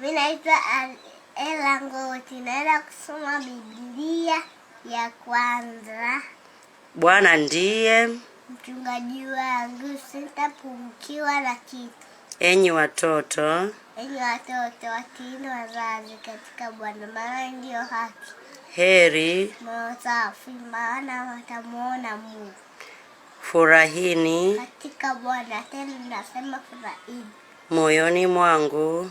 minaitwa naitwa Ela Ngoti, naenda kusoma Biblia ya kwanza. Bwana ndiye mchungaji wangu, sitapungukiwa na kitu. Enyi watoto, enyi watoto, watiini wazazi katika Bwana, maana ndiyo haki, heri moyo safi, maana watamwona Mungu. Furahini katika Bwana, tena nasema furahini moyoni mwangu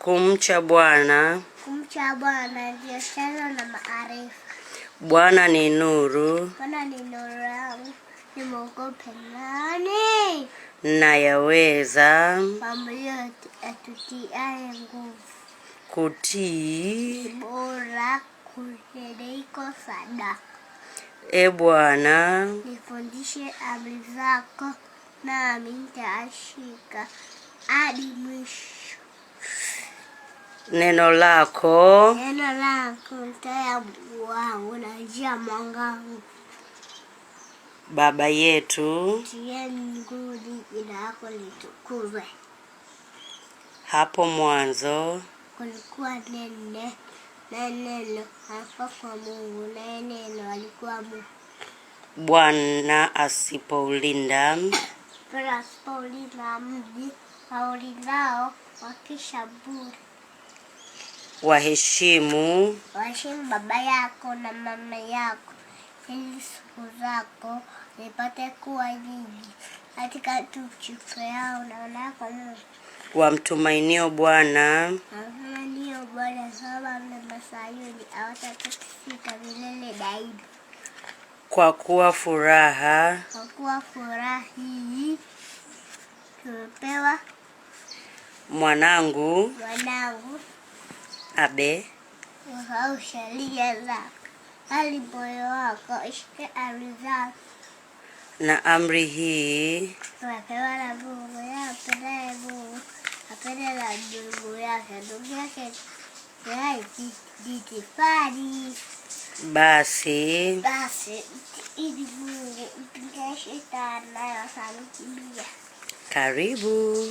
kumcha Bwana. Kumcha Bwana ndio chanzo na maarifa. Bwana ni nuru, Bwana ni nuru yangu, nimwogope nani? Nayaweza mambo yote atutiaye nguvu. Kutii bora kuliko sadaka. E Bwana, nifundishe amri zako, nami nitashika hadi mwisho. Neno lako neno lako taa ya mguu wangu na njia ya Baba yetu uliye mbinguni, jina lako litukuzwe. Hapo mwanzo kulikuwa neno, na neno alikuwa kwa Mungu, naye neno Bwana asipoulinda mji waulindao wakisha bure. Waheshimu waheshimu baba yako na mama yako, ili siku zako zipate kuwa nyingi katika tukufu yao na wanako Mungu. Wamtumainio Bwana wamtumainio Bwana, sababu na Sayuni hawatatikisika milele daima. Kwa kuwa furaha, kwa kuwa furaha hii tumepewa mwanangu, mwanangu abe usahau sheria zako, moyo wako ishike amri zako. Na amri hii tumepewa na Mungu, yeye ampendaye Mungu apende na ndugu yake, ndugu yake ni jitihadi basi basi ili Mungu mpinga shetani Karibu.